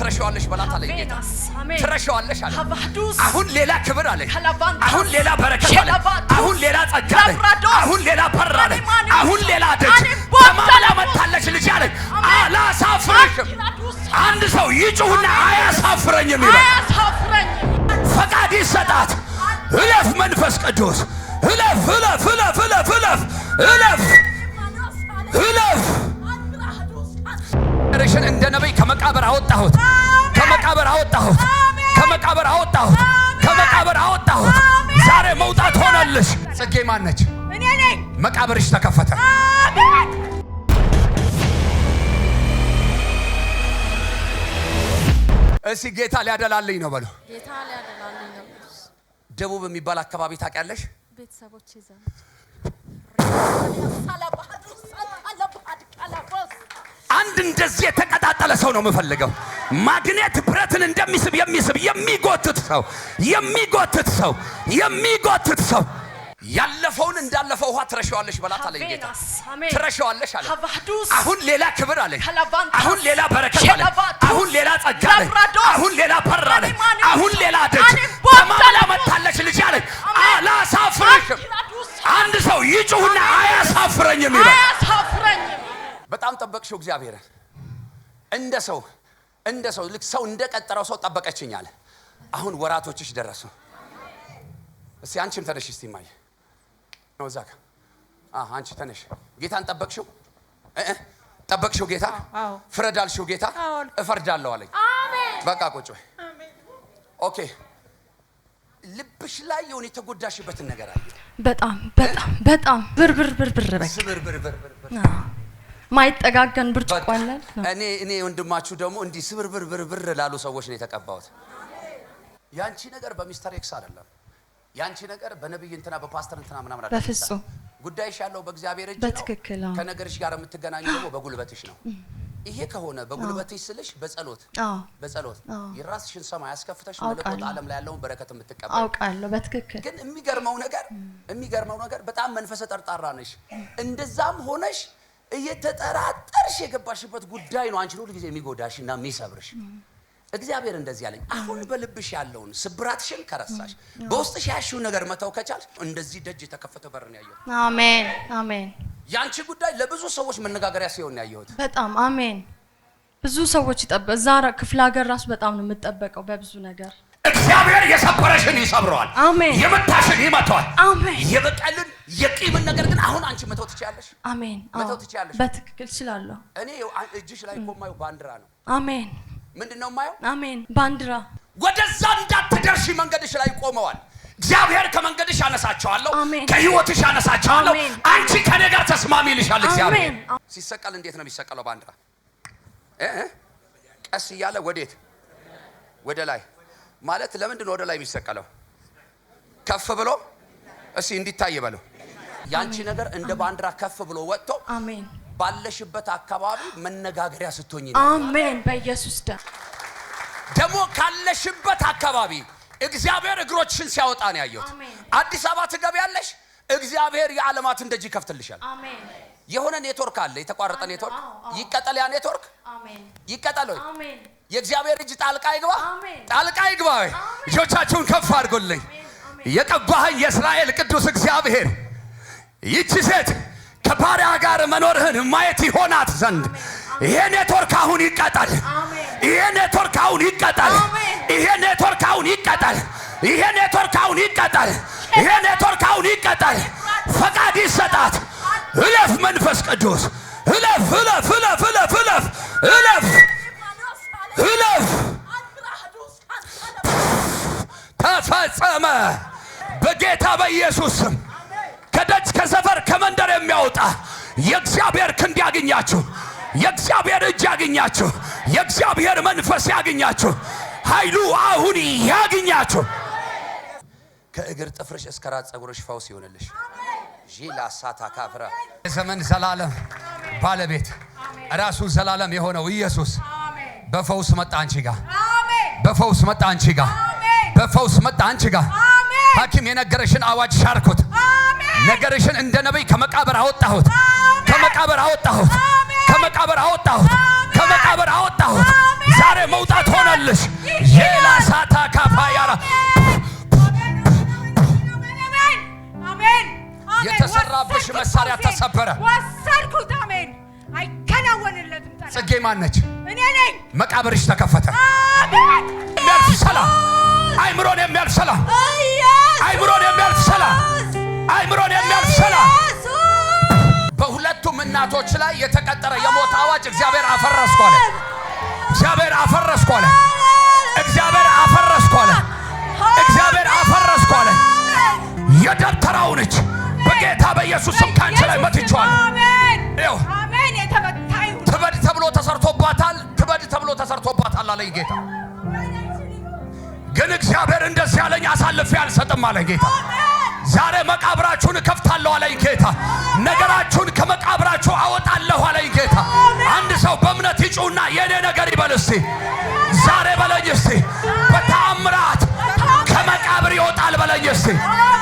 ትረሻዋለሽ በላት አለኝ ጌታ። ትረሻዋለሽ አለ። አሁን ሌላ ክብር አለኝ። አሁን ሌላ በረከት አለኝ። አሁን ሌላ ጸጋ አለኝ። አሁን ሌላ በር አለኝ። አሁን ሌላ ደጅ ተማላ መታለች ልጅ አለኝ። አላሳፍርሽም። አንድ ሰው ይጩህና አያሳፍረኝም ይላል። ፈቃድ ይሰጣት። እለፍ መንፈስ ቅዱስ እለፍ እለፍ እለፍ እለፍ እለፍ እለፍ እለፍ ጀኔሬሽን እንደ ነቢይ ከመቃብር አወጣሁት፣ ከመቃብር አወጣሁት፣ ከመቃብር አወጣሁት፣ ከመቃብር አወጣሁት። ዛሬ መውጣት ሆነልሽ። ጽጌ ማን ነች? መቃብርሽ ተከፈተ። እሺ ጌታ ሊያደላልኝ ነው በለው። ደቡብ የሚባል አካባቢ ታውቂያለሽ? አንድ እንደዚህ የተቀጣጠለ ሰው ነው የምፈልገው። ማግኔት ብረትን እንደሚስብ የሚስብ የሚጎትት ሰው የሚጎትት ሰው የሚጎትት ሰው ያለፈውን እንዳለፈው ውሃ ትረሻዋለሽ በላት አለኝ ጌታ። ትረሻዋለሽ አለ። አሁን ሌላ ክብር አለኝ። አሁን ሌላ በረከት አለ። አሁን ሌላ ጸጋ አለኝ። አሁን ሌላ በር አለኝ። አሁን ሌላ ደጅ ተማላ መታለች ልጅ አለኝ። አላሳፍርሽም። አንድ ሰው ይጩህና አያሳፍረኝም ይላል። በጣም ጠበቅሽው እግዚአብሔርን። እንደ ሰው እንደ ሰው ልክ ሰው እንደ ቀጠረው ሰው ጠበቀችኝ አለ። አሁን ወራቶችሽ ደረሱ። እስቲ አንቺም ተነሽ እስቲ ማየ ነው እዛ አንቺ ተነሽ። ጌታን ጠበቅሽው ጠበቅሽው ጌታ ፍረዳልሽው ጌታ እፈርዳለሁ አለኝ። በቃ ቁጭ በይ። ኦኬ ልብሽ ላይ የሆነ የተጎዳሽበትን ነገር አለ። በጣም በጣም በጣም ብርብር ብርብር በቃ ማይጠጋገን ብርጭቆ አለን። እኔ እኔ ወንድማችሁ ደግሞ እንዲህ ስብርብር ብርብር ላሉ ሰዎች ነው የተቀባሁት። ያንቺ ነገር በሚስተር ኤክስ አይደለም። ያንቺ ነገር በነብይ እንትና በፓስተር እንትና ምናምን አይደለም። በፍጹም ጉዳይሽ ያለው በእግዚአብሔር እጅ ነው። በትክክል ከነገርሽ ጋር የምትገናኙ ደግሞ በጉልበትሽ ነው። ይሄ ከሆነ በጉልበትሽ ስልሽ በጸሎት በጸሎት የራስሽን ሰማይ አስከፍተሽ መለኮት ዓለም ላይ ያለውን በረከት የምትቀበል አውቃለሁ። በትክክል ግን የሚገርመው ነገር የሚገርመው ነገር በጣም መንፈሰ ጠርጣራ ነሽ። እንደዛም ሆነሽ እየተጠራጠርሽ የገባሽበት ጉዳይ ነው አንቺን ሁል ጊዜ የሚጎዳሽ እና የሚሰብርሽ። እግዚአብሔር እንደዚህ ያለኝ አሁን በልብሽ ያለውን ስብራትሽን ከረሳሽ በውስጥሽ ያሽውን ነገር መተው ከቻልሽ እንደዚህ ደጅ የተከፈተ በርን ያየሁት። አሜን አሜን። ያንቺ ጉዳይ ለብዙ ሰዎች መነጋገሪያ ሲሆን ያየሁት በጣም አሜን። ብዙ ሰዎች ይጠበ እዛ ክፍለ ሀገር ራሱ በጣም ነው የምጠበቀው በብዙ ነገር እግዚአብሔር የሰበረሽን ይሰብረዋል። አሜን። የመታሽን ይመታዋል። አሜን። የበቀልን የቂምን ነገር ግን አሁን አንቺ መተው ትችያለሽ። አሜን። መተው ትችያለሽ። በትክክል እችላለሁ። እኔ እጅሽ ላይ እኮ የማየው ባንዲራ ነው። አሜን። ምንድን ነው የማየው? አሜን። ባንዲራ። ወደዛ እንዳትደርሺ መንገድሽ ላይ ቆመዋል። እግዚአብሔር ከመንገድሽ አነሳቸዋለሁ፣ ከህይወትሽ አነሳቸዋለሁ። አንቺ ከኔ ጋር ተስማሚ ይልሻል እግዚአብሔር። ሲሰቀል እንዴት ነው የሚሰቀለው? ባንዲራ ቀስ እያለ ወዴት? ወደ ላይ ማለት ለምንድን ነው ወደ ላይ የሚሰቀለው? ከፍ ብሎ እስኪ እንዲታይ በለው ያንቺ ነገር እንደ ባንዲራ ከፍ ብሎ ወጥቶ አሜን ባለሽበት አካባቢ መነጋገሪያ ስትሆኝ አሜን በኢየሱስ ደም ደግሞ ካለሽበት አካባቢ እግዚአብሔር እግሮችሽን ሲያወጣ ነው ያየሁት። አዲስ አበባ ትገቢያለሽ፣ እግዚአብሔር የዓለማትን ደጅ ይከፍትልሻል። የሆነ ኔትወርክ አለ፣ የተቋረጠ ኔትወርክ ይቀጠል። ያ ኔትወርክ ይቀጠል ወይ የእግዚአብሔር እጅ ጣልቃ ይግባ፣ ጣልቃ ይግባ ወይ። ከፍ አድርጎልኝ የቀባህኝ የእስራኤል ቅዱስ እግዚአብሔር ይቺ ሴት ከባሪያ ጋር መኖርህን ማየት ይሆናት ዘንድ ይሄ ኔትወርክ አሁን ይቀጣል። ይሄ ኔትወርክ አሁን ይቀጣል። ይሄ ኔትወርክ አሁን ይቀጣል። ይሄ ኔትወርክ አሁን ይቀጣል። ይሄ ኔትወርክ አሁን ይቀጣል። ፈቃድ ይሰጣት። እለፍ መንፈስ ቅዱስ እለፍ፣ እለፍ፣ እለፍ፣ እለፍ፣ እለፍ፣ እለፍ፣ እለፍ። ተፈጸመ በጌታ በኢየሱስ ስም። የእግዚአብሔር ክንድ ያገኛችሁ፣ የእግዚአብሔር እጅ ያገኛችሁ፣ የእግዚአብሔር መንፈስ ያገኛችሁ ኃይሉ አሁን ያገኛችሁ ከእግር ጥፍርሽ እስከ ራስ ጸጉርሽ ፈውስ ይሆንልሽ። ላሳታ ካፍራ የዘመን ዘላለም ባለቤት ራሱ ዘላለም የሆነው ኢየሱስ በፈውስ መጣ አንቺ ጋር፣ በፈውስ መጣ አንቺ ጋር፣ በፈውስ መጣ አንቺ ጋር ሐኪም የነገረሽን አዋጅ ሻርኩት። ነገርሽን እንደ ነቢይ ከመቃብር አወጣሁት፣ ከመቃብር አወጣሁት፣ ከመቃብር አወጣሁት፣ ከመቃብር አወጣሁት። ዛሬ መውጣት ሆነልሽ። ሌላ ሳታ ካፋ ያራ የተሰራብሽ መሳሪያ ተሰበረ። ወሰድኩት። አሜን። አይከናወንለትም። ጽጌ ማነች? እኔ ነኝ። መቃብርሽ ተከፈተ። የሚያልፍ ሰላም፣ አይምሮን የሚያልፍ ሰላም አይምሮን የሚያልሰላ አይምሮን የሚያልሰላ በሁለቱም እናቶች ላይ የተቀጠረ የሞት አዋጅ እግዚአብሔር አፈረስኳለ እግዚአብሔር አፈረስኳለ እግዚአብሔር አፈረስኳለ እግዚአብሔር አፈረስኳለ የደብተራው ነች በጌታ በኢየሱስ ስም ካንቺ ላይ መትቼዋለሁ። ይኸው ትበድ ተብሎ ተሰርቶባታል። ትበድ ተብሎ ተሰርቶባታል አለኝ ጌታ ግን እግዚአብሔር እንደዚህ ያለኝ አሳልፌ አልሰጥም አለ ጌታ። ዛሬ መቃብራችሁን እከፍታለሁ አለኝ ጌታ። ነገራችሁን ከመቃብራችሁ አወጣለሁ አለኝ ጌታ። አንድ ሰው በእምነት ይጩና የእኔ ነገር ይበል እስቲ፣ ዛሬ በለኝ እስቲ። በተአምራት ከመቃብር ይወጣል በለኝ እስቲ